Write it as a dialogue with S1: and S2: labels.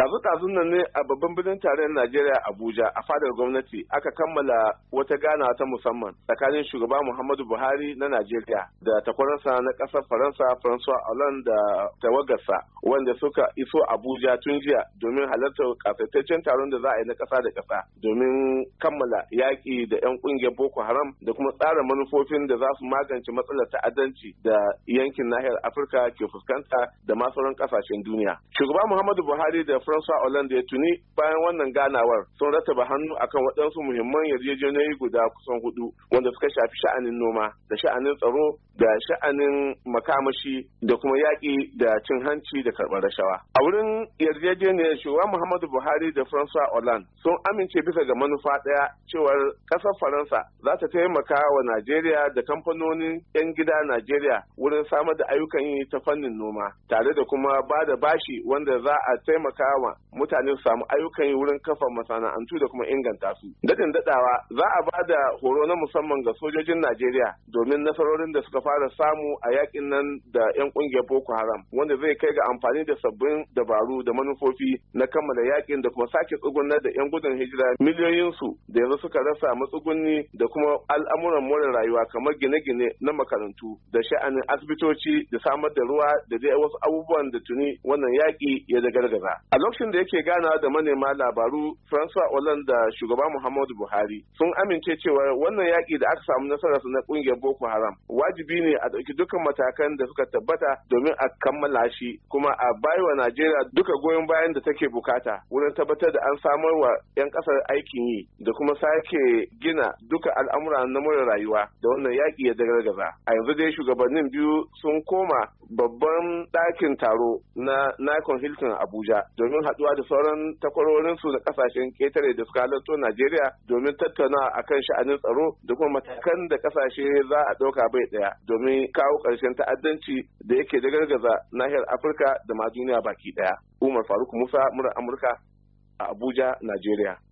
S1: Tazu-tazun nan ne a babban birnin tarayyar Najeriya Abuja a fadar gwamnati aka kammala wata gana ta musamman tsakanin shugaba Muhammadu Buhari na Najeriya da takwararsa na ƙasar Faransa François Hollande da tawagarsa wanda suka iso Abuja tun jiya domin halartar kasaitaccen taron da za a yi na ƙasa da ƙasa domin kammala yaƙi da 'yan ƙungiyar Boko Haram da kuma tsara manufofin da za su magance matsalar ta'addanci da yankin nahiyar Afirka ke fuskanta da masu kasashen ƙasashen duniya. Shugaba Muhammadu Buhari da Francois Hollande ya tuni bayan wannan ganawar sun rattaba hannu akan waɗansu muhimman yarjejeniyoyi guda kusan hudu wanda suka shafi sha'anin noma da sha'anin tsaro da sha'anin makamashi da kuma yaƙi da cin hanci da karɓar rashawa. A wurin yarjejeniyar shugaban Muhammadu Buhari da Francois Hollande sun amince bisa ga manufa ɗaya cewar ƙasar Faransa za ta taimaka wa Najeriya da kamfanonin 'yan gida Najeriya wurin samar da ayyukan yi ta fannin noma tare da kuma ba da bashi wanda za a taimaka wa mutane su samu ayyukan yi wurin kafa masana'antu da kuma inganta su. Dadin dadawa za a ba da horo na musamman ga sojojin Najeriya domin nasarorin da suka fara samu a yakin nan da 'yan kungiyar Boko Haram wanda zai kai ga amfani da sabbin dabaru da manufofi na kammala yakin da kuma sake tsugunar da 'yan gudun hijira miliyoyinsu da yanzu suka rasa matsugunni da kuma al'amuran more rayuwa kamar gine-gine na makarantu da sha'anin asibitoci da samar da ruwa da dai wasu abubuwan da tuni wannan yaƙi ya dagargaza. A lokacin da yake ganawa da manema labaru Francois Hollande da shugaba Muhammadu Buhari sun amince cewa wannan yaƙin da aka samu nasararsa na ƙungiyar Boko Haram wajibi shine a ɗauki dukkan matakan da suka tabbata domin a kammala shi kuma a wa Najeriya duka goyon bayan da take bukata wurin tabbatar da an samar wa 'yan ƙasar aikin yi da kuma sake gina duka al'amura na more rayuwa da wannan yaƙi ya dagargaza. A yanzu dai shugabannin biyu sun koma babban ɗakin taro na Nikon Hilton Abuja domin haɗuwa da sauran takwarorinsu na ƙasashen ƙetare da suka halatto Najeriya domin tattaunawa akan sha'anin tsaro da kuma matakan da ƙasashe za a ɗauka bai ɗaya domin kawo ƙarshen ta'addanci da yake da gargaza nahiyar Afirka da ma duniya baki ɗaya. Umar Faruk Musa, murar Amurka a Abuja, Najeriya.